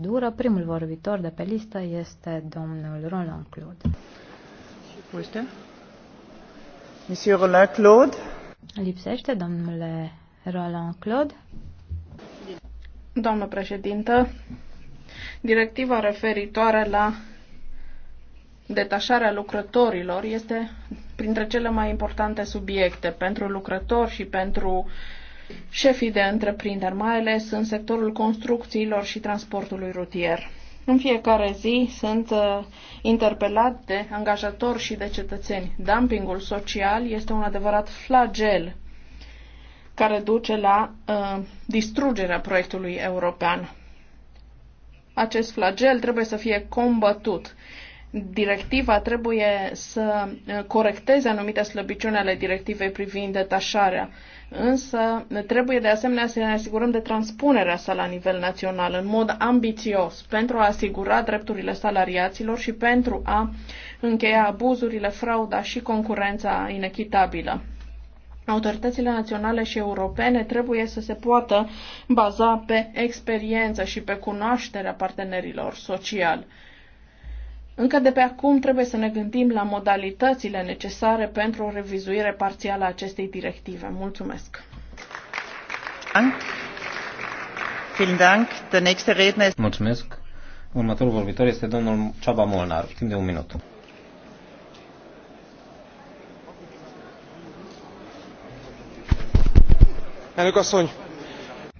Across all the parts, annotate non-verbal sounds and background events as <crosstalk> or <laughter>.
dură, Primul vorbitor de pe listă este domnul Roland Claude. Uite. Monsieur Roland Claude. Lipsește domnule Roland Claude. Doamnă președintă, directiva referitoare la detașarea lucrătorilor este printre cele mai importante subiecte pentru lucrători și pentru uh, șefii de întreprinderi, mai ales în sectorul construcțiilor și transportului rutier. În fiecare zi sunt uh, interpelat de angajatori și de cetățeni. Dumpingul social este un adevărat flagel care duce la uh, distrugerea proiectului european. Acest flagel trebuie să fie combătut directiva trebuie să uh, corecteze anumite slăbiciuni ale directivei privind detașarea, însă trebuie de asemenea să ne asigurăm de transpunerea sa la nivel național în mod ambițios pentru a asigura drepturile salariaților și pentru a încheia abuzurile, frauda și concurența inechitabilă. Autoritățile naționale și europene trebuie să se poată baza pe experiență și pe cunoașterea partenerilor sociali. Încă de pe acum trebuie să ne gândim la modalitățile necesare pentru o revizuire parțială a acestei directive. Mulțumesc! Mulțumesc! Următorul vorbitor este domnul Ceaba Molnar, timp de un minut.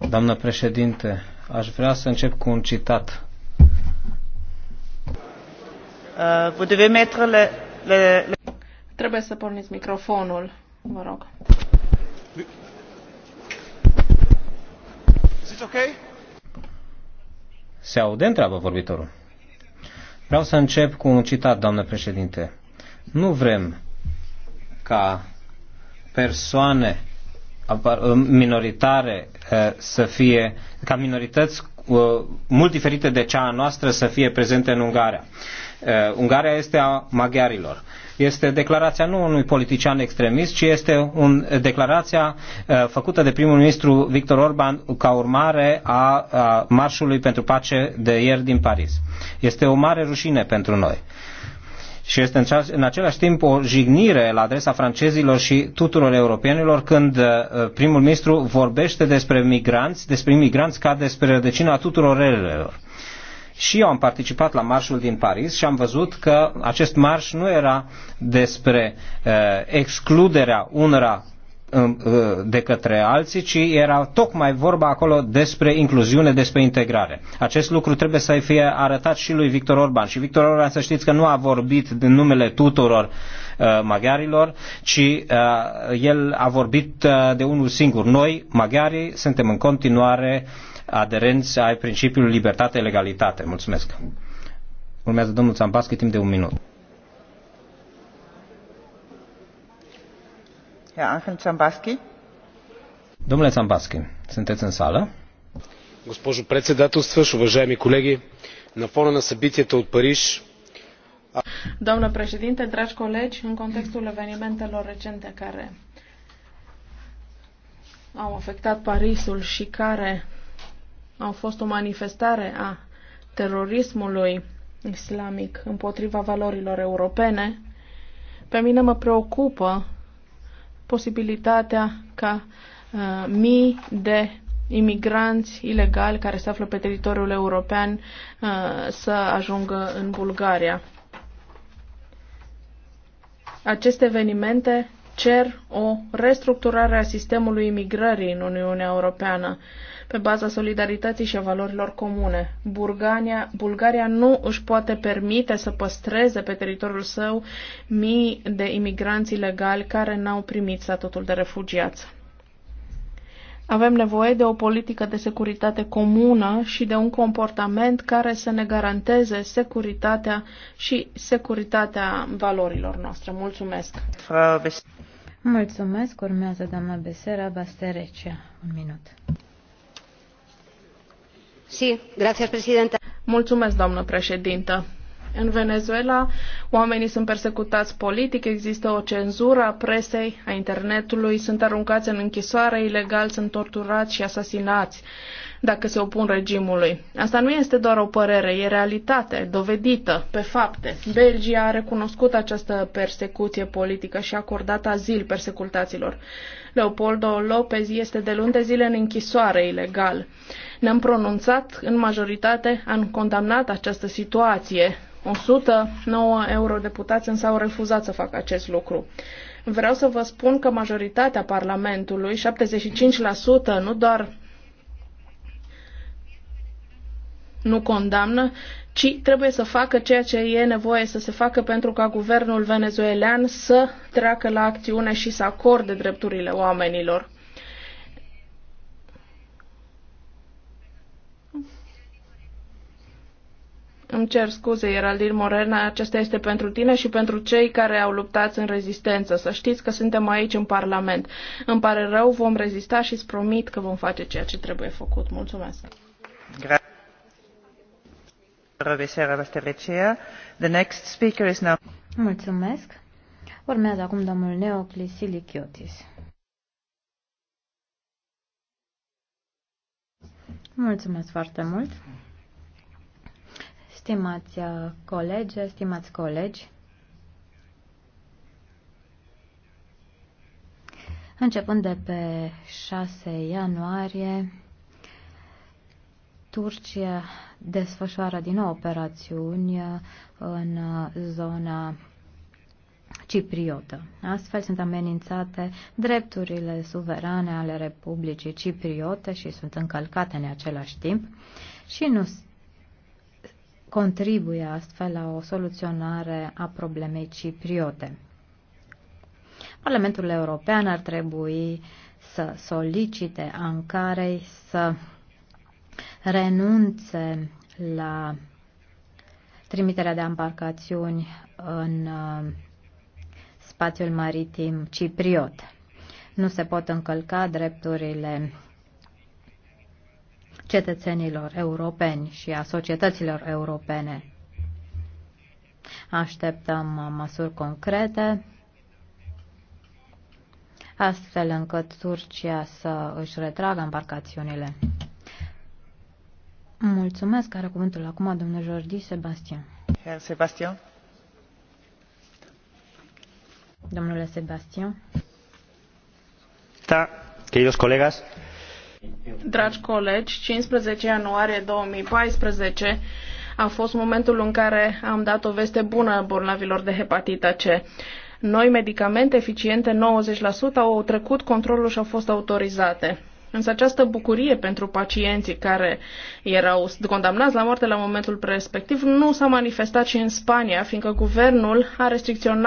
Doamnă președinte, aș vrea să încep cu un citat Uh, vous devez mettre le, le, le... Trebuie să porniți microfonul, vă rog. Is it okay? Se aude, întreabă vorbitorul. Vreau să încep cu un citat, doamnă președinte. Nu vrem ca persoane uh, minoritare uh, să fie, ca minorități mult diferite de cea a noastră să fie prezente în Ungaria. Eh, Ungaria este a maghiarilor. Este declarația nu unui politician extremist, ci este un, declarația eh, făcută de primul ministru Victor Orban ca urmare a, a marșului pentru pace de ieri din Paris. Este o mare rușine pentru noi și este în același timp o jignire la adresa francezilor și tuturor europenilor când eh, primul ministru vorbește despre migranți, despre imigranți ca despre rădăcina tuturor relelor. Și eu am participat la marșul din Paris și am văzut că acest marș nu era despre uh, excluderea unora eh, de către alții, ci era tocmai vorba acolo despre incluziune, despre integrare. Acest lucru trebuie să-i fie arătat și lui Victor Orban. Și Victor Orban, să știți că nu a vorbit din numele tuturor uh, maghiarilor, ci uh, el a vorbit uh, de unul singur. Noi, maghiarii, suntem în continuare uh, aderenți ai principiului libertate-legalitate. Mulțumesc. Urmează domnul Țambaschi timp de un minut. Domnule Țambaschi, sunteți în sală? Госпожо председателстващ, уважаеми колеги, на фона на събитията от Париж Doamnă președinte, dragi colegi, în contextul evenimentelor recente care au afectat Parisul și care au fost o manifestare a terorismului islamic împotriva valorilor europene, pe mine mă preocupă posibilitatea ca uh, mii de imigranți ilegali care se află pe teritoriul european uh, să ajungă în Bulgaria. Aceste evenimente cer o restructurare a sistemului imigrării în Uniunea Europeană pe baza solidarității și a valorilor comune. Bulgaria, Bulgaria nu își poate permite să păstreze pe teritoriul său mii de imigranți ilegali care n-au primit statutul de refugiați. Avem nevoie de o politică de securitate comună și de un comportament care să ne garanteze securitatea și securitatea valorilor noastre. Mulțumesc! Mulțumesc. Urmează doamna Besera Basterecea. Un minut. Sí, gracias, Mulțumesc, doamnă președintă în Venezuela, oamenii sunt persecutați politic, există o cenzură a presei, a internetului, sunt aruncați în închisoare ilegal, sunt torturați și asasinați dacă se opun regimului. Asta nu este doar o părere, e realitate, dovedită, pe fapte. Belgia a recunoscut această persecuție politică și a acordat azil persecutaților. Leopoldo Lopez este de luni de zile în închisoare ilegal. Ne-am pronunțat în majoritate, am condamnat această situație 109 eurodeputați însă au refuzat să facă acest lucru. Vreau să vă spun că majoritatea Parlamentului, 75%, nu doar nu condamnă, ci trebuie să facă ceea ce e nevoie să se facă pentru ca guvernul venezuelan să treacă la acțiune și să acorde drepturile oamenilor. Îmi cer scuze, Geraldine Morena, acesta este pentru tine și pentru cei care au luptat în rezistență. Să știți că suntem aici în Parlament. Îmi pare rău, vom rezista și îți promit că vom face ceea ce trebuie făcut. Mulțumesc. Mulțumesc. Urmează acum domnul Neoclis Silichiotis. Mulțumesc foarte mult. Stimați uh, colegi, stimați colegi, începând de pe 6 ianuarie, Turcia desfășoară din nou operațiuni uh, în uh, zona cipriotă. Astfel sunt amenințate drepturile suverane ale Republicii Cipriote și sunt încălcate în același timp și nu contribuie astfel la o soluționare a problemei cipriote. Parlamentul European ar trebui să solicite Ankarei să renunțe la trimiterea de embarcațiuni în uh, spațiul maritim cipriot. Nu se pot încălca drepturile cetățenilor europeni și a societăților europene. Așteptăm măsuri concrete astfel încât Turcia să își retragă embarcațiunile. Mulțumesc. Are cuvântul acum domnul Jordi Sebastian. Sebastian. Domnule Sebastian. Da, queridos colegas, Dragi colegi, 15 ianuarie 2014 a fost momentul în care am dat o veste bună bolnavilor de hepatita C. Noi medicamente eficiente, 90%, au trecut controlul și au fost autorizate. Însă această bucurie pentru pacienții care erau condamnați la moarte la momentul respectiv nu s-a manifestat și în Spania, fiindcă guvernul a restricționat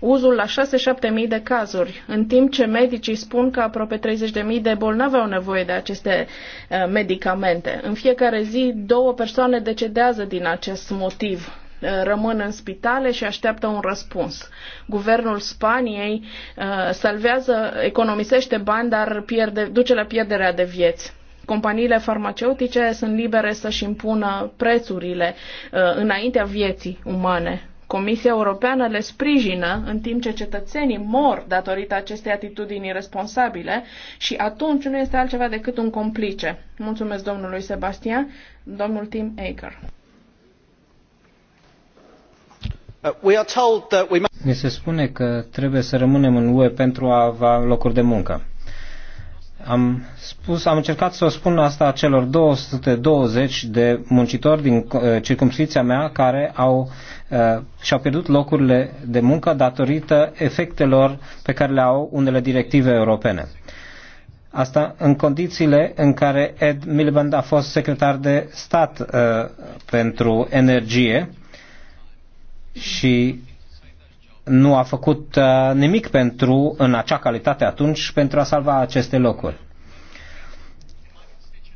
uzul la 6-7 mii de cazuri, în timp ce medicii spun că aproape 30 de mii de bolnavi au nevoie de aceste uh, medicamente. În fiecare zi, două persoane decedează din acest motiv Eh, rămân în spitale și așteaptă un răspuns. Guvernul Spaniei eh, salvează, economisește bani, dar pierde, duce la pierderea de vieți companiile farmaceutice sunt libere să-și impună prețurile eh, înaintea vieții umane. Comisia Europeană le sprijină în timp ce cetățenii mor datorită acestei atitudini irresponsabile și atunci nu este altceva decât un complice. Mulțumesc domnului Sebastian, domnul Tim Aker. Uh, Ni se spune că trebuie să rămânem în UE pentru a avea locuri de muncă. Am, spus, am încercat să o spun asta celor 220 de muncitori din uh, circumscripția mea care au, uh, și-au pierdut locurile de muncă datorită efectelor pe care le au unele directive europene. Asta în condițiile în care Ed Miliband a fost secretar de stat uh, pentru energie și nu a făcut uh, nimic pentru, în acea calitate atunci, pentru a salva aceste locuri.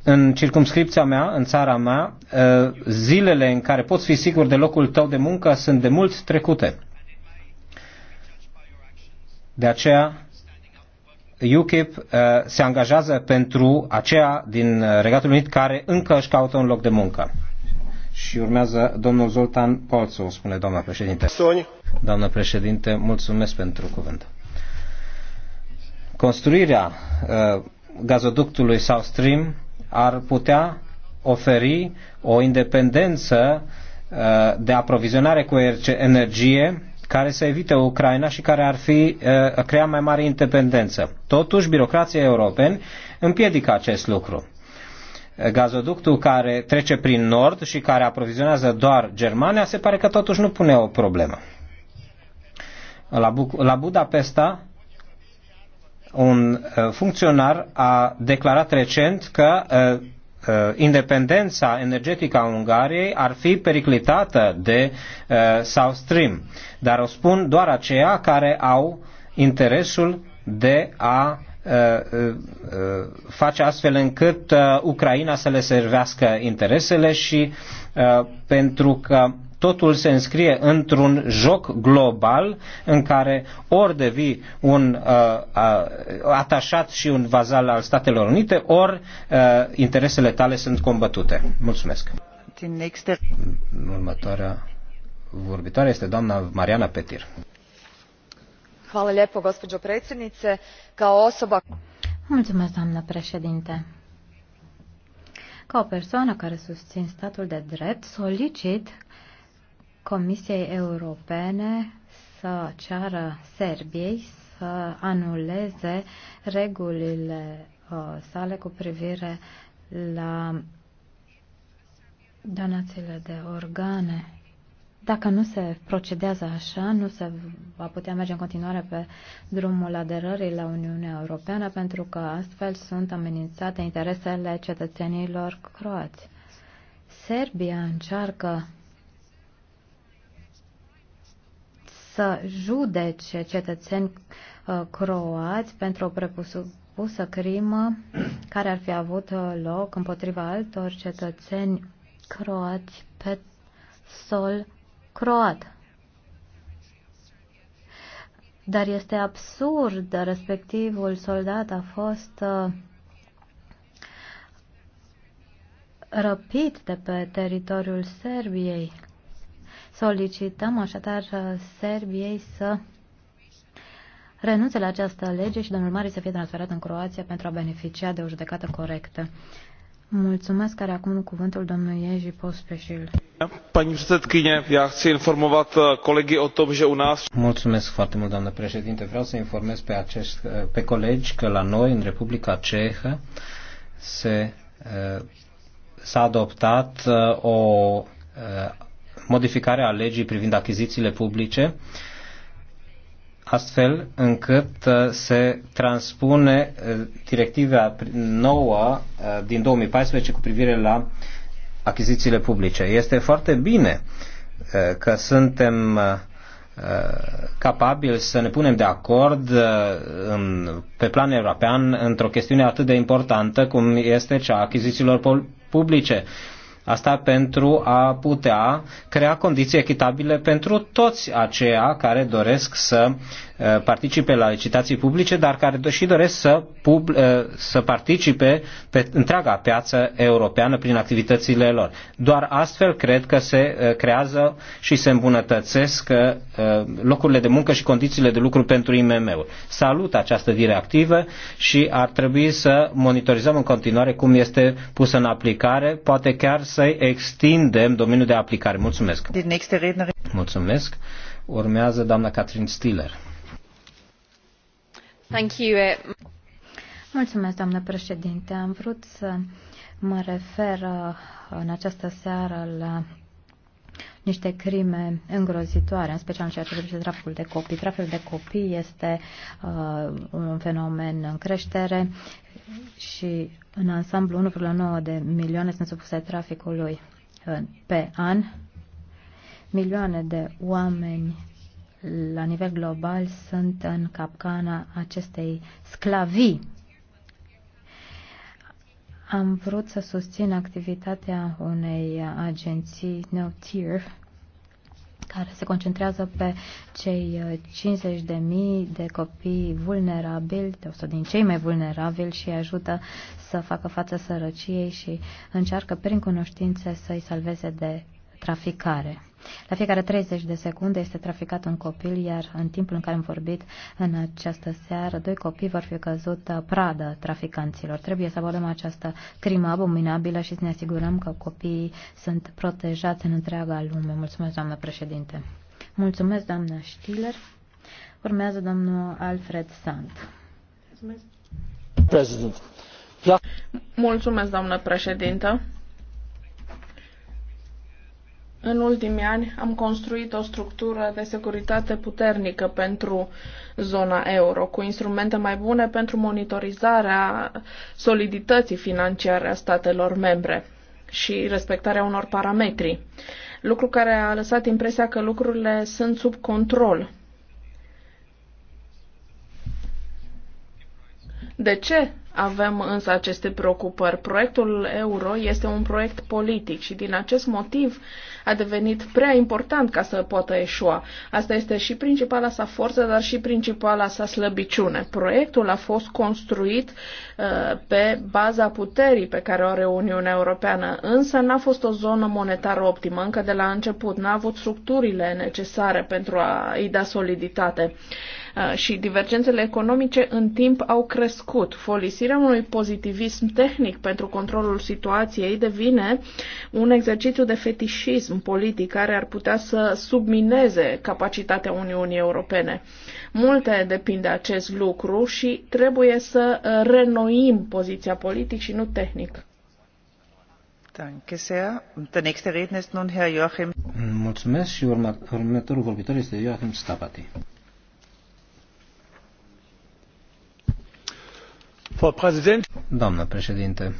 În circumscripția mea, în țara mea, uh, zilele în care poți fi sigur de locul tău de muncă sunt de mult trecute. De aceea, UKIP uh, se angajează pentru aceea din Regatul Unit care încă își caută un loc de muncă și urmează domnul Zoltan Polțu, spune doamna președinte. Soni. Doamna președinte, mulțumesc pentru cuvânt. Construirea uh, gazoductului South Stream ar putea oferi o independență uh, de aprovizionare cu energie care să evite Ucraina și care ar fi uh, crea mai mare independență. Totuși, birocrația europeni împiedică acest lucru gazoductul care trece prin nord și care aprovizionează doar Germania, se pare că totuși nu pune o problemă. La, Buc- la Budapesta, un uh, funcționar a declarat recent că uh, uh, independența energetică a Ungariei ar fi periclitată de South Stream. Dar o spun doar aceia care au interesul de a Uh, uh, face astfel încât uh, Ucraina să le servească interesele și pentru că totul se înscrie într-un joc global în care ori devii un uh, atașat și un vazal al Statelor Unite, ori uh, interesele tale sunt combătute. Mulțumesc. Următoarea vorbitoare este doamna Mariana Petir gospoo predsjednice kao osoba ca o persoană care susțin statul de drept, solicit Comisiei Europene să ceară Serbiei să anuleze regulile uh, sale cu privire la donațiile de organe dacă nu se procedează așa, nu se va putea merge în continuare pe drumul aderării la Uniunea Europeană, pentru că astfel sunt amenințate interesele cetățenilor croați. Serbia încearcă să judece cetățeni uh, croați pentru o prepusă crimă care ar fi avut uh, loc împotriva altor cetățeni croați pe sol croat. Dar este absurd, respectivul soldat a fost uh, răpit de pe teritoriul Serbiei. Solicităm așadar uh, Serbiei să renunțe la această lege și domnul Mari să fie transferat în Croația pentru a beneficia de o judecată corectă. Mulțumesc, care acum cuvântul domnului Eji Pospeșil paní předsedkyně já chci informovat eh, kolegy o tom že u nás. mulțumesc foarte mult doamnă președinte vreau să informez pe, acest, eh, pe colegi că la noi în Republica Cehă se eh, s-a adoptat o modificare a legii privind achizițiile publice astfel încât se transpune directiva nouă din 2014 cu privire la achizițiile publice. Este foarte bine uh, că suntem uh, capabili să ne punem de acord uh, în, pe plan european într-o chestiune atât de importantă cum este cea a achizițiilor publice. Asta pentru a putea crea condiții echitabile pentru toți aceia care doresc să uh, participe la licitații publice, dar care și doresc să, pub, uh, să participe pe întreaga piață europeană prin activitățile lor. Doar astfel cred că se uh, creează și se îmbunătățesc locurile de muncă și condițiile de lucru pentru IMM-uri. Salut această directivă și ar trebui să monitorizăm în continuare cum este pusă în aplicare, poate chiar să să extindem domeniul de aplicare. Mulțumesc! Mulțumesc! Urmează doamna Catherine Stiller. Thank you. Eh. Mulțumesc, doamnă președinte. Am vrut să mă refer uh, în această seară la niște crime îngrozitoare, în special în ceea ce privește traficul de copii. Traficul de copii este uh, un fenomen în creștere și în ansamblu, 1,9 de milioane sunt supuse traficului uh, pe an. Milioane de oameni la nivel global sunt în capcana acestei sclavii. Am vrut să susțin activitatea unei agenții No care se concentrează pe cei 50.000 uh, de copii vulnerabili, de 100 din cei mai vulnerabili și ajută să facă față sărăciei și încearcă prin cunoștințe să-i salveze de traficare. La fiecare 30 de secunde este traficat un copil, iar în timpul în care am vorbit în această seară, doi copii vor fi căzut pradă traficanților. Trebuie să abordăm această crimă abominabilă și să ne asigurăm că copiii sunt protejați în întreaga lume. Mulțumesc, doamnă președinte. Mulțumesc, doamnă Stiller. Urmează domnul Alfred Sant. Mulțumesc, Mulțumesc doamnă președintă. În ultimii ani am construit o structură de securitate puternică pentru zona euro, cu instrumente mai bune pentru monitorizarea solidității financiare a statelor membre și respectarea unor parametri, lucru care a lăsat impresia că lucrurile sunt sub control. De ce avem însă aceste preocupări. Proiectul euro este un proiect politic și din acest motiv a devenit prea important ca să poată eșua. Asta este și principala sa forță, dar și principala sa slăbiciune. Proiectul a fost construit uh, pe baza puterii pe care o are Uniunea Europeană, însă n-a fost o zonă monetară optimă încă de la început, n-a avut structurile necesare pentru a îi da soliditate. Uh, Uh, și divergențele economice în timp au crescut. Folosirea unui pozitivism tehnic pentru controlul situației devine un exercițiu de fetișism politic care ar putea să submineze capacitatea Uniunii Europene. Multe depind de acest lucru și trebuie să uh, renoim poziția politic și nu tehnic. Mulțumesc și următorul vorbitor este Joachim Stapati. Doamnă președinte,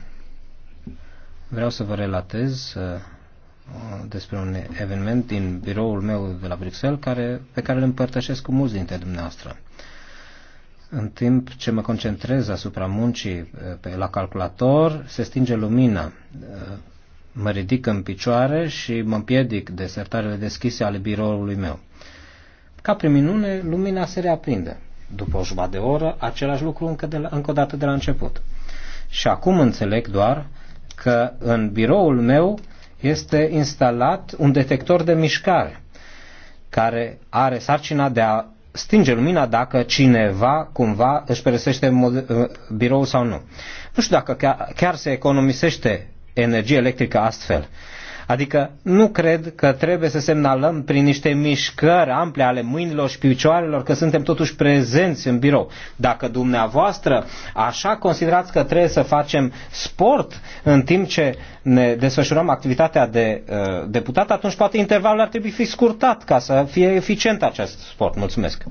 vreau să vă relatez uh, despre un eveniment din biroul meu de la Bruxelles care, pe care îl împărtășesc cu mulți dintre dumneavoastră. În timp ce mă concentrez asupra muncii uh, pe, la calculator, se stinge lumina. Uh, mă ridic în picioare și mă împiedic de sertarele deschise ale biroului meu. Ca prin minune, lumina se reaprinde după o jumătate de oră, același lucru încă, de la, încă o dată de la început. Și acum înțeleg doar că în biroul meu este instalat un detector de mișcare care are sarcina de a stinge lumina dacă cineva cumva își peresește uh, biroul sau nu. Nu știu dacă chiar, chiar se economisește energie electrică astfel. Adică nu cred că trebuie să semnalăm prin niște mișcări ample ale mâinilor și picioarelor că suntem totuși prezenți în birou. Dacă dumneavoastră așa considerați că trebuie să facem sport în timp ce ne desfășurăm activitatea de uh, deputat, atunci poate intervalul ar trebui fi scurtat ca să fie eficient acest sport. Mulțumesc.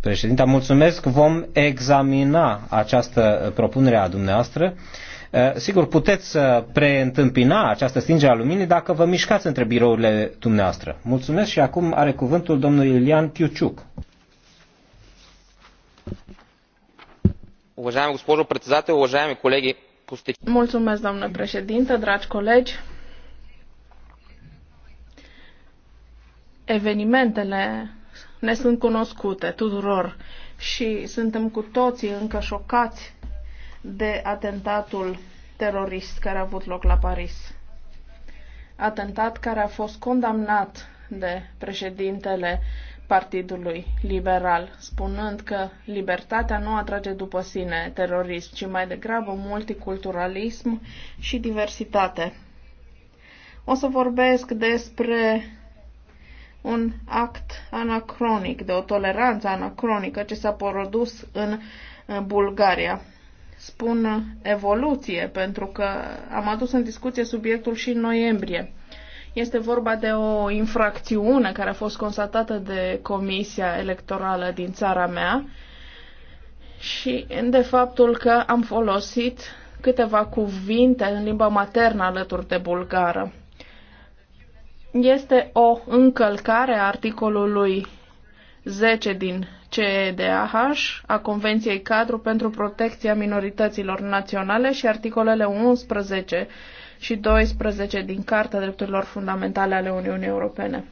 Președinte, mulțumesc. Vom examina această uh, propunere a dumneavoastră. Eh, sigur, puteți să preîntâmpina această stingere a luminii dacă vă mișcați între birourile dumneavoastră. Mulțumesc și acum are cuvântul domnul Ilian Chiuciuc. Уважаема госпожо председател, уважаеми колеги, Mulțumesc, doamnă președintă, dragi colegi. Evenimentele ne sunt cunoscute tuturor și suntem cu toții încă șocați de atentatul terorist care a avut loc la Paris. Atentat care a fost condamnat de președintele Partidului Liberal, spunând că libertatea nu atrage după sine terorism, ci mai degrabă multiculturalism și diversitate. O să vorbesc despre un act anacronic, de o toleranță anacronică ce s-a produs în Bulgaria spun evoluție, pentru că am adus în discuție subiectul și în noiembrie. Este vorba de o infracțiune care a fost constatată de Comisia Electorală din țara mea și de faptul că am folosit câteva cuvinte în limba maternă alături de bulgară. Este o încălcare a articolului 10 din CEDAH, a Convenției Cadru pentru Protecția Minorităților Naționale și articolele 11 și 12 din Carta Drepturilor Fundamentale ale Uniunii Europene.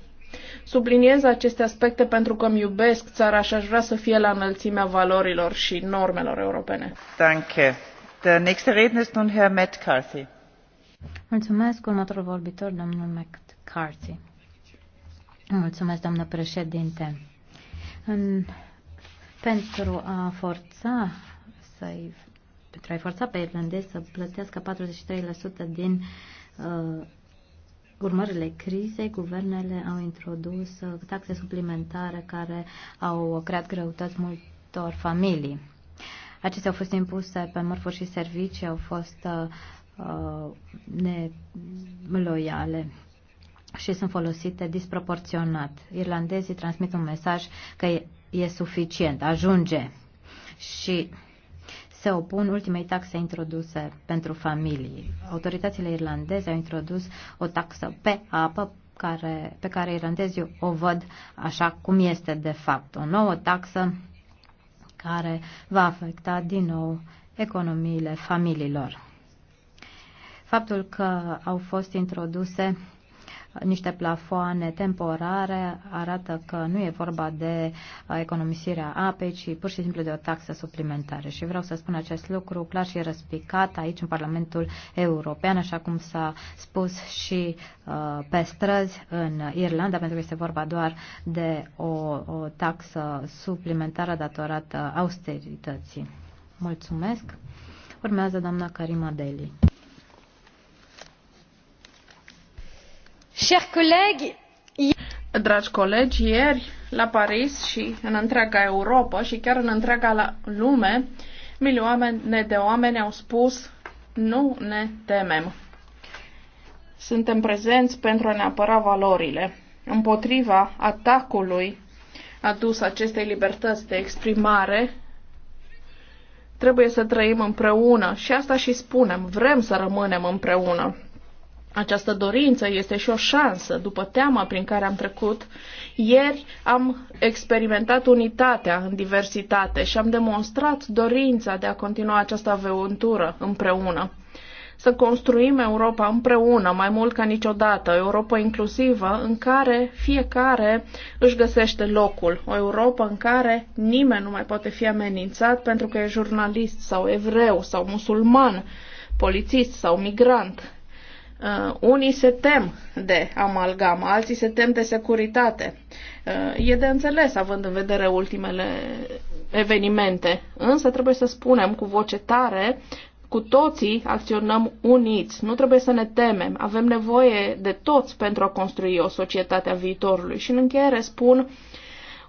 Subliniez aceste aspecte pentru că îmi iubesc țara și aș vrea să fie la înălțimea valorilor și normelor europene. Danke. Der nächste Redner ist nun Herr McCarthy. Mulțumesc, următorul vorbitor, domnul McCarthy. Mulțumesc, doamnă președinte. În pentru a forța să pentru a forța pe irlandezi să plătească 43% din uh, urmările crizei, guvernele au introdus uh, taxe suplimentare care au creat greutăți multor familii. Acestea au fost impuse pe mărfuri și servicii, au fost uh, uh neloiale și sunt folosite disproporționat. Irlandezii transmit un mesaj că e suficient, ajunge și se opun ultimei taxe introduse pentru familii. Autoritățile irlandeze au introdus o taxă pe apă care, pe care irlandezii o văd așa cum este de fapt. O nouă taxă care va afecta din nou economiile familiilor. Faptul că au fost introduse niște plafoane temporare arată că nu e vorba de uh, economisirea apei, ci pur și simplu de o taxă suplimentară. Și vreau să spun acest lucru clar și răspicat aici în Parlamentul European, așa cum s-a spus și uh, pe străzi în Irlanda, pentru că este vorba doar de o, o taxă suplimentară datorată austerității. Mulțumesc. Urmează doamna Karima Deli. Dragi colegi, ieri la Paris și în întreaga Europa și chiar în întreaga lume, milioane de oameni au spus nu ne temem. Suntem prezenți pentru a ne apăra valorile împotriva atacului adus acestei libertăți de exprimare trebuie să trăim împreună și asta și spunem, vrem să rămânem împreună. Această dorință este și o șansă. După teama prin care am trecut, ieri am experimentat unitatea în diversitate și am demonstrat dorința de a continua această aventură împreună. Să construim Europa împreună, mai mult ca niciodată, o Europa inclusivă în care fiecare își găsește locul, o Europa în care nimeni nu mai poate fi amenințat pentru că e jurnalist sau evreu sau musulman, polițist sau migrant, Uh, unii se tem de amalgam, alții se tem de securitate. Uh, e de înțeles, având în vedere ultimele evenimente. Însă trebuie să spunem cu voce tare, cu toții acționăm uniți, nu trebuie să ne temem, avem nevoie de toți pentru a construi o societate a viitorului. Și în încheiere spun, uh,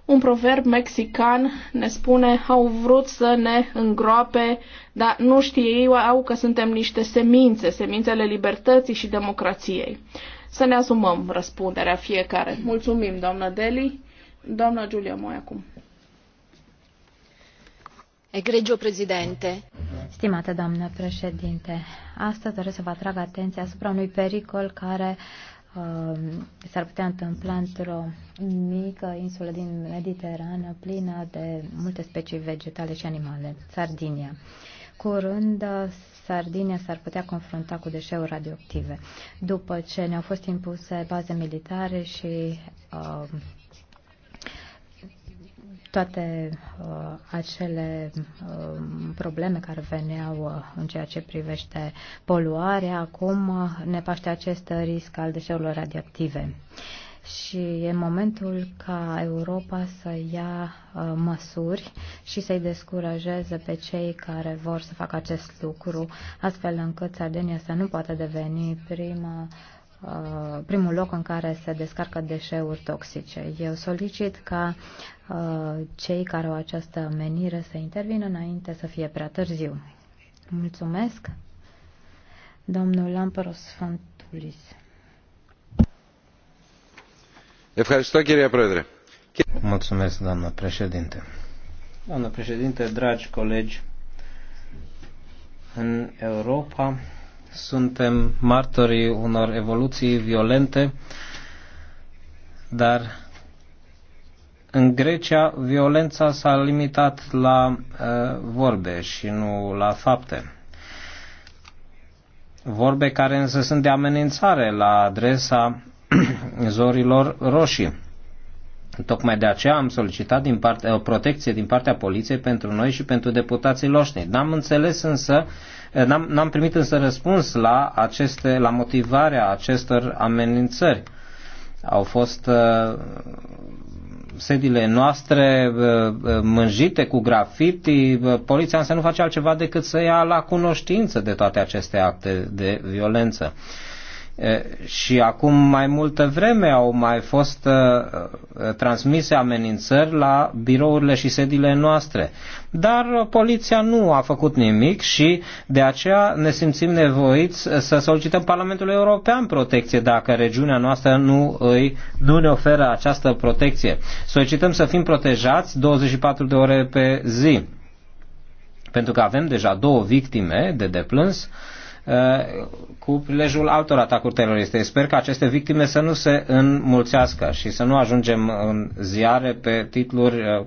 un proverb mexican ne spune, au vrut să ne îngroape, dar nu știe au că suntem niște semințe, semințele libertății și democrației. Să ne asumăm răspunderea fiecare. Mulțumim, doamnă Deli. Doamna Giulia Moi acum. Egregio președinte. Stimată doamnă președinte, astăzi doresc să vă atrag atenția asupra unui pericol care uh, Um, s-ar putea întâmpla într-o mică insulă din Mediterană plină de multe specii vegetale și animale, Sardinia. Curând, uh, Sardinia s-ar putea confrunta cu deșeuri radioactive. După ce ne-au fost impuse baze militare și uh, toate uh, acele uh, probleme care veneau uh, în ceea ce privește poluarea, acum uh, ne paște acest risc al deșeurilor radioactive. Și e momentul ca Europa să ia uh, măsuri și să-i descurajeze pe cei care vor să facă acest lucru, astfel încât Sardenia să nu poată deveni prima uh, Uh, primul loc în care se descarcă deșeuri toxice. Eu solicit ca uh, cei care au această menire să intervină înainte să fie prea târziu. Mulțumesc. Domnul Lampros Fantulis. Mulțumesc, doamnă președinte. Doamnă președinte, dragi colegi, în Europa suntem martorii unor evoluții violente, dar în Grecia violența s-a limitat la uh, vorbe și nu la fapte. Vorbe care însă sunt de amenințare la adresa <clears throat> zorilor roșii. Tocmai de aceea am solicitat din parte, o protecție din partea poliției pentru noi și pentru deputații noștri. N-am înțeles însă uh, N-am, primit însă răspuns la, aceste, la motivarea acestor amenințări. Au fost uh, sediile noastre uh, uh, mânjite cu grafiti, uh, poliția însă nu face altceva decât să ia la cunoștință de toate aceste acte de violență. Uh, și acum mai multă vreme au mai fost transmise amenințări la birourile și sediile noastre. Dar poliția nu a făcut nimic și de aceea ne simțim nevoiți să solicităm Parlamentului European protecție dacă regiunea noastră nu, îi, nu ne oferă această protecție. Solicităm să fim protejați 24 de ore pe zi. Pentru că avem deja două victime de deplâns uh, cu prilejul altor atacuri teroriste. Sper că aceste victime să nu se înmulțească și să nu ajungem în ziare pe titluri uh,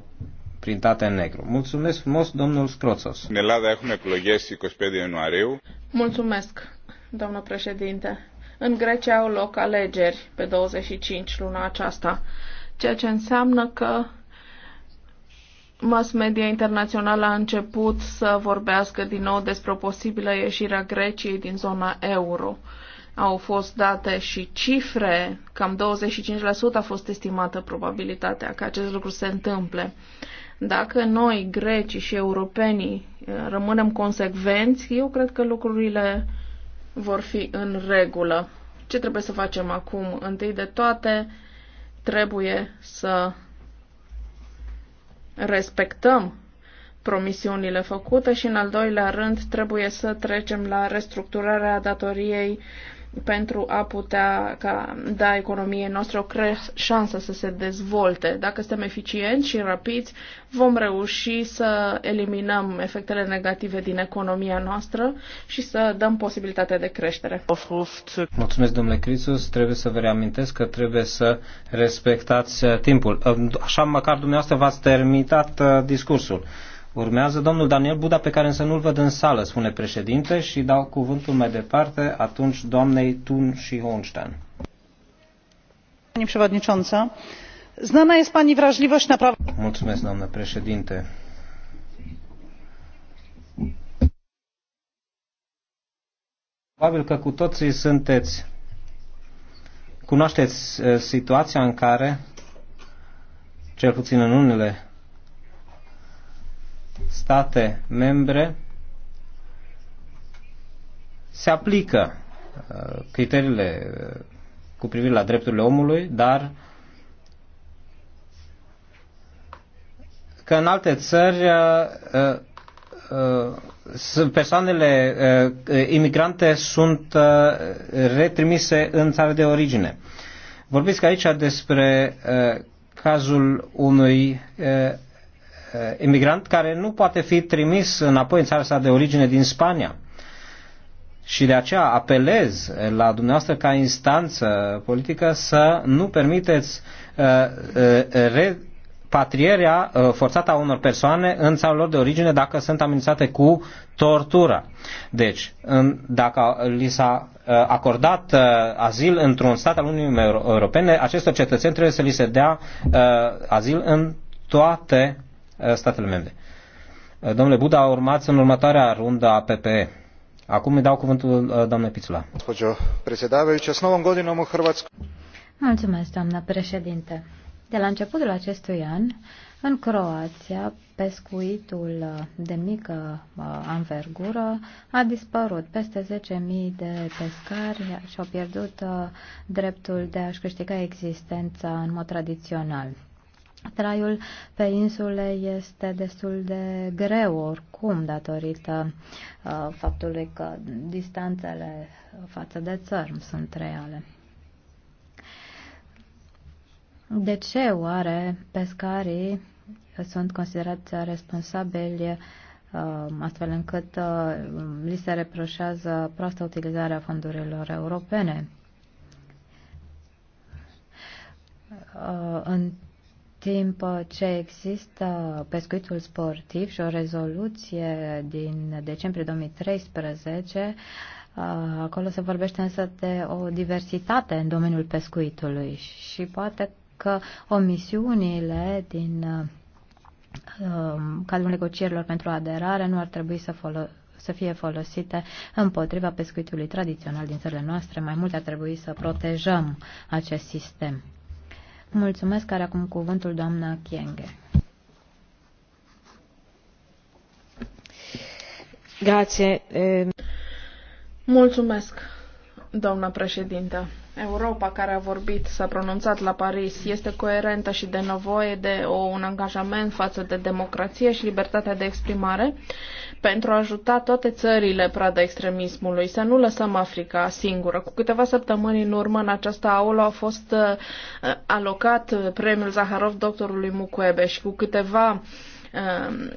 printate în negru. Mulțumesc frumos, domnul Scroțos. În Elada avem epiloghes 25 ianuarie. Mulțumesc, domnul președinte. În Grecia au loc alegeri pe 25 luna aceasta, ceea ce înseamnă că mass media internațională a început să vorbească din nou despre o posibilă ieșire a Greciei din zona euro. Au fost date și cifre, cam 25% a fost estimată probabilitatea că acest lucru se întâmple. Dacă noi, grecii și europenii, eh, rămânem consecvenți, eu cred că lucrurile vor fi în regulă. Ce trebuie să facem acum? Întâi de toate, trebuie să respectăm promisiunile făcute și, în al doilea rând, trebuie să trecem la restructurarea datoriei pentru a putea ca, da economiei noastre o cre- șansă să se dezvolte. Dacă suntem eficienți și rapiți, vom reuși să eliminăm efectele negative din economia noastră și să dăm posibilitatea de creștere. Mulțumesc, domnule Crisus. Trebuie să vă reamintesc că trebuie să respectați uh, timpul. Uh, așa măcar dumneavoastră v-ați terminat uh, discursul. Urmează domnul Daniel Buda, pe care însă nu-l văd în sală, spune președinte, și dau cuvântul mai departe atunci doamnei Tun și Honstein. znana jest pani wrażliwość na prawa... Mulțumesc, doamnă președinte. Probabil că cu toții sunteți, cunoașteți eh, situația în care, cel puțin în unele state membre se aplică uh, criteriile uh, cu privire la drepturile omului, dar că în alte țări uh, persoanele imigrante sunt retrimise în țara de origine. Vorbiți aici despre cazul unui emigrant uh, care nu poate fi trimis înapoi în țara sa de origine din Spania. Și de aceea apelez la dumneavoastră ca instanță politică să nu permiteți uh, uh, repatrierea forțată a unor persoane în țara lor de origine dacă sunt amenințate cu tortura. Deci, dacă li s-a acordat azil într-un stat al Uniunii Europene, acestor cetățeni trebuie să li se dea azil în toate Uh, statele membre. Uh, domnule Buda, urmați în următoarea rundă a PPE. Acum îi dau cuvântul uh, doamnei Pițula. Deci, Mulțumesc, doamna președinte. De la începutul acestui an, în Croația, pescuitul de mică anvergură a dispărut. Peste 10.000 de pescari și-au pierdut dreptul de a-și câștiga existența în mod tradițional. Traiul pe insule este destul de greu oricum datorită uh, faptului că distanțele față de țărm sunt reale. De ce oare pescarii sunt considerați responsabili uh, astfel încât uh, li se reproșează proastă utilizarea fondurilor europene? Uh, în timp uh, ce există pescuitul sportiv și o rezoluție din decembrie 2013, uh, acolo se vorbește însă de o diversitate în domeniul pescuitului și poate că omisiunile din uh, um, cadrul negocierilor pentru aderare nu ar trebui să, folo- să fie folosite împotriva pescuitului tradițional din țările noastre. Mai mult ar trebui să protejăm acest sistem. Mulțumesc, care acum cuvântul doamna Kienge. Grație. Eh. Mulțumesc, doamna președintă. Europa care a vorbit, s-a pronunțat la Paris, este coerentă și de nevoie de o, un angajament față de democrație și libertatea de exprimare pentru a ajuta toate țările prada extremismului, să nu lăsăm Africa singură. Cu câteva săptămâni în urmă, în această aulă a fost uh, alocat premiul Zaharov doctorului Mukwege și cu câteva uh,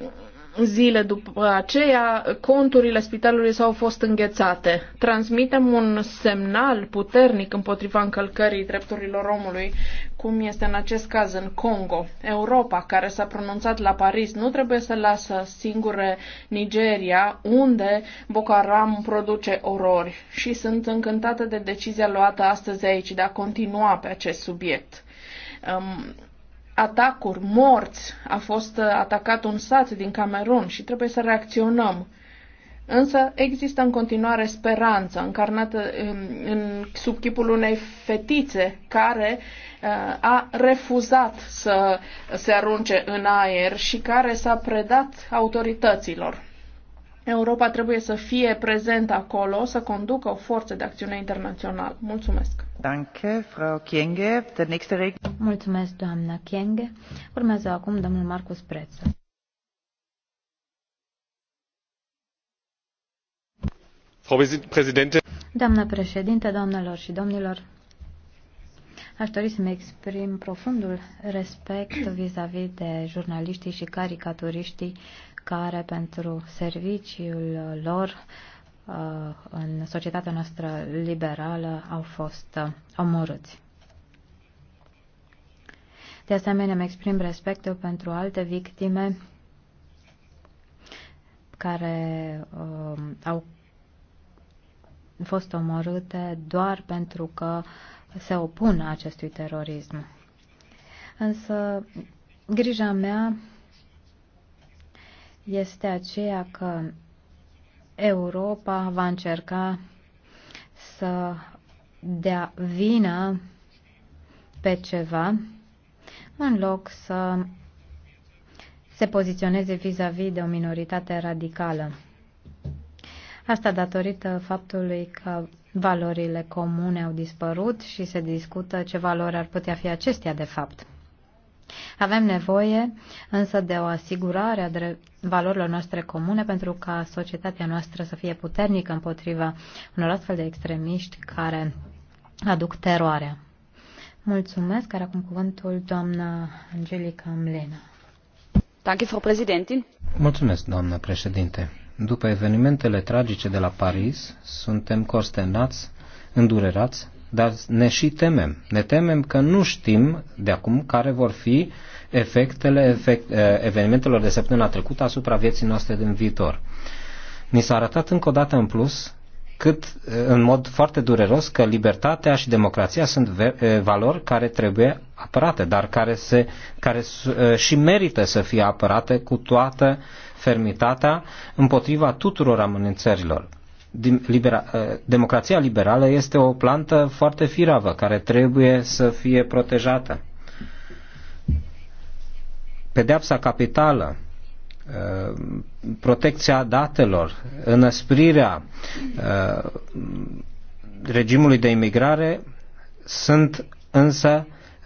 zile după aceea, conturile spitalului s-au fost înghețate. Transmitem un semnal puternic împotriva încălcării drepturilor omului, cum este în acest caz în Congo. Europa, care s-a pronunțat la Paris, nu trebuie să lasă singure Nigeria, unde Boko Haram produce orori. Și sunt încântată de decizia luată astăzi aici de a continua pe acest subiect. Um, atacuri, morți. A fost uh, atacat un sat din Camerun și trebuie să reacționăm. Însă există în continuare speranță încarnată în, um, în, sub chipul unei fetițe care uh, a refuzat să se arunce în aer și care s-a predat autorităților. Europa trebuie să fie prezentă acolo, să conducă o forță de acțiune internațională. Mulțumesc! Danke, Frau Kienge. Der nächste Mulțumesc, doamna Kienge. Urmează acum domnul Marcus Preță. Doamnă președinte, doamnelor și domnilor, Aș dori să-mi exprim profundul respect vis a -vis de jurnaliștii și caricaturiștii care pentru serviciul lor uh, în societatea noastră liberală au fost uh, omorâți. De asemenea, îmi exprim respectul pentru alte victime care uh, au fost omorâte doar pentru că se opun acestui terorism. Însă, grija mea este aceea că Europa va încerca să dea vină pe ceva în loc să se poziționeze vis-a-vis -vis de o minoritate radicală. Asta datorită faptului că valorile comune au dispărut și se discută ce valori ar putea fi acestea de fapt. Avem nevoie însă de o asigurare a valorilor noastre comune pentru ca societatea noastră să fie puternică împotriva unor astfel de extremiști care aduc teroarea. Mulțumesc, care acum cuvântul doamna Angelica Mlena. Mulțumesc, doamnă președinte. După evenimentele tragice de la Paris, suntem consternați, îndurerați dar ne și temem. Ne temem că nu știm de acum care vor fi efectele efect, eh, evenimentelor de săptămâna trecută asupra vieții noastre din viitor. Ni s-a arătat încă o dată în plus cât eh, în mod foarte dureros că libertatea și democrația sunt eh, valori care trebuie apărate, dar care, se, care și merită să fie apărate cu toată fermitatea împotriva tuturor amenințărilor libera, eh, democrația liberală este o plantă foarte firavă care trebuie să fie protejată. Pedeapsa capitală, eh, protecția datelor, înăsprirea eh, regimului de imigrare sunt însă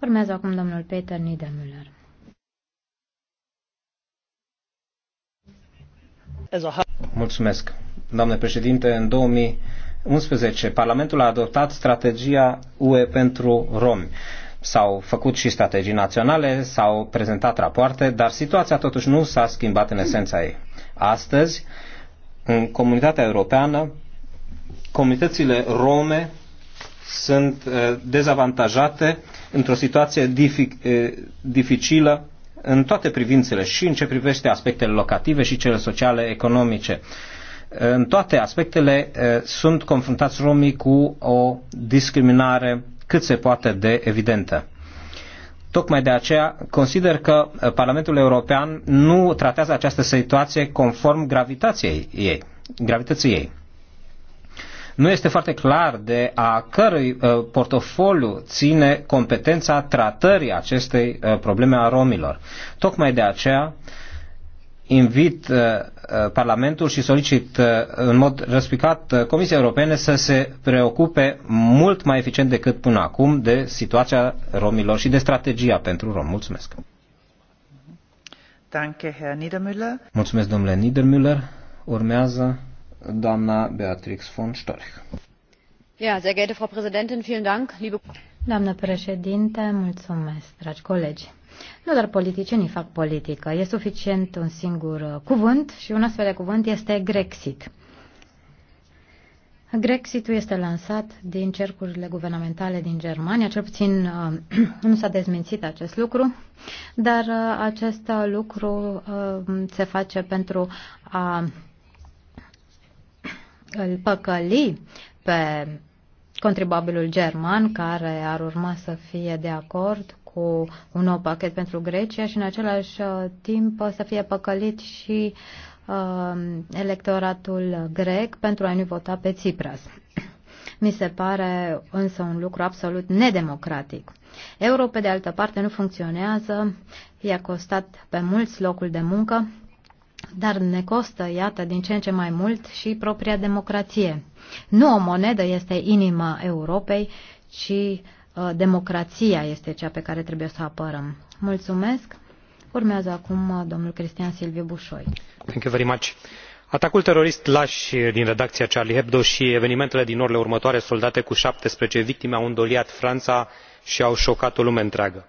Urmează acum domnul Peter Niedermüller. Mulțumesc. Doamne președinte, în 2011 Parlamentul a adoptat strategia UE pentru romi. S-au făcut și strategii naționale, s-au prezentat rapoarte, dar situația totuși nu s-a schimbat în esența ei. Astăzi, în comunitatea europeană, comunitățile rome sunt uh, dezavantajate într-o situație uh, dificilă în toate privințele și în ce privește aspectele locative și cele sociale economice. Uh, în toate aspectele sunt confruntați romii cu o discriminare cât se poate de evidentă. Tocmai de aceea consider că Parlamentul European nu tratează această situație conform gravitației ei, Gravitației ei nu este foarte clar de a cărui uh, portofoliu ține competența tratării acestei uh, probleme a romilor. Tocmai de aceea invit uh, Parlamentul și solicit în mod răspicat Comisia Europene să se preocupe mult mai eficient decât până acum de situația romilor și de strategia pentru rom. Mulțumesc! Mulțumesc, domnule Niedermüller. Urmează doamna Beatrix von Storch. Ja, sehr geehrte Frau Präsidentin, vielen Dank, liebe Doamnă președinte, mulțumesc, dragi colegi. Nu doar politicienii fac politică, e suficient un singur uh, cuvânt și un astfel de cuvânt este Grexit. Grexitul este lansat din cercurile guvernamentale din Germania, cel puțin uh, <clears throat> nu s-a dezmințit acest lucru, dar uh, acest lucru se face pentru a îl păcăli pe contribuabilul german care ar urma să fie de acord cu un nou pachet pentru Grecia și în același uh, timp să fie păcălit și uh, electoratul grec pentru a nu vota pe Tsipras. <clears throat> Mi se pare însă un lucru absolut nedemocratic. Europa de altă parte, nu funcționează, i-a costat pe mulți locul de muncă, dar ne costă, iată, din ce în ce mai mult și propria democrație. Nu o monedă este inima Europei, ci uh, democrația este cea pe care trebuie să o apărăm. Mulțumesc. Urmează acum uh, domnul Cristian Silviu Bușoi. Thank you very much. Atacul terorist lași din redacția Charlie Hebdo și evenimentele din orele următoare soldate cu 17 victime au îndoliat Franța și au șocat o lume întreagă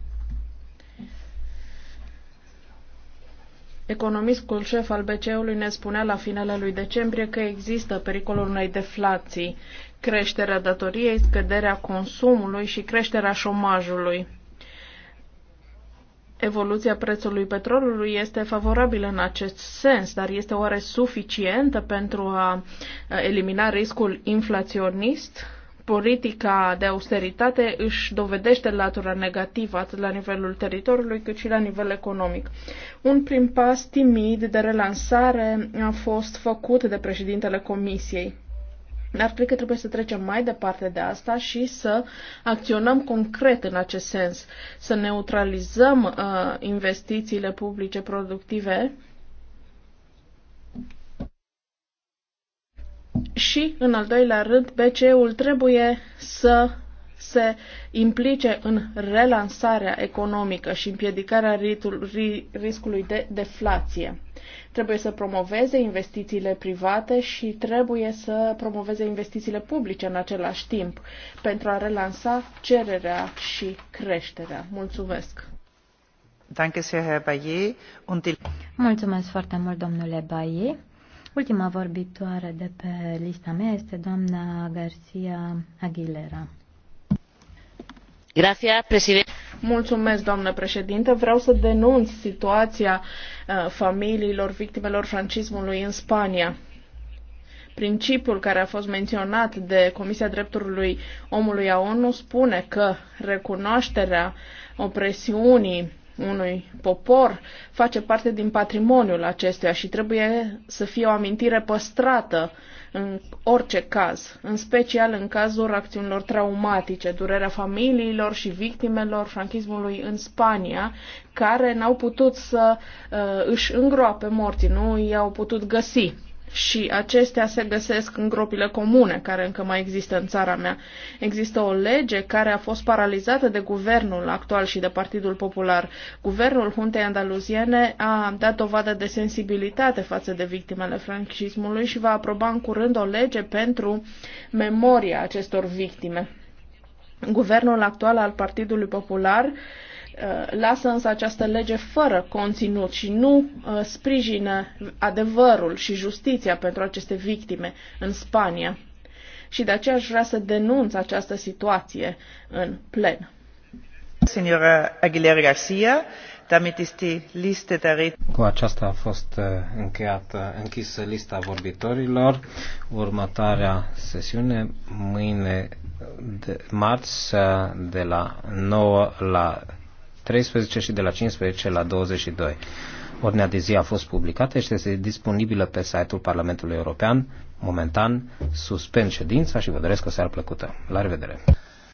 Economistul șef al BCE-ului ne spunea la finele lui decembrie că există pericolul unei deflații, creșterea datoriei, scăderea consumului și creșterea șomajului. Evoluția prețului petrolului este favorabilă în acest sens, dar este oare suficientă pentru a elimina riscul inflaționist? politica de austeritate își dovedește latura negativă atât la nivelul teritoriului cât și la nivel economic. Un prim pas timid de relansare a fost făcut de președintele Comisiei. Dar cred că trebuie să trecem mai departe de asta și să acționăm concret în acest sens, să neutralizăm uh, investițiile publice productive Și, în al doilea rând, BCE-ul trebuie să se implice în relansarea economică și împiedicarea ritul, ri, riscului de deflație. Trebuie să promoveze investițiile private și trebuie să promoveze investițiile publice în același timp pentru a relansa cererea și creșterea. Mulțumesc! Mulțumesc foarte mult, domnule Baie. Ultima vorbitoare de pe lista mea este doamna Garcia Aguilera. Grazie, președinte. Mulțumesc, doamnă președinte. Vreau să denunț situația uh, familiilor victimelor francismului în Spania principiul care a fost menționat de Comisia Drepturilor Omului a ONU spune că recunoașterea opresiunii unui popor face parte din patrimoniul acestuia și trebuie să fie o amintire păstrată în orice caz, în special în cazul acțiunilor traumatice, durerea familiilor și victimelor franchismului în Spania, care n-au putut să uh, își îngroape morții, nu i-au putut găsi și acestea se găsesc în gropile comune care încă mai există în țara mea. Există o lege care a fost paralizată de guvernul actual și de Partidul Popular. Guvernul Huntei Andaluziene a dat dovadă de sensibilitate față de victimele francismului și va aproba în curând o lege pentru memoria acestor victime. Guvernul actual al Partidului Popular uh, Uh, lasă însă această lege fără conținut și nu uh, sprijină adevărul și justiția pentru aceste victime în Spania. Și de aceea aș vrea să denunț această situație în plen. Signora Aguilera Garcia, damit ist die Liste der Cu aceasta a fost uh, încheiată, închisă lista vorbitorilor. Următoarea sesiune mâine de, marți de la 9 la 13 și de la 15 la 22. Ordinea de zi a fost publicată și este disponibilă pe site-ul Parlamentului European. Momentan suspend ședința și vă doresc o seară plăcută. La revedere!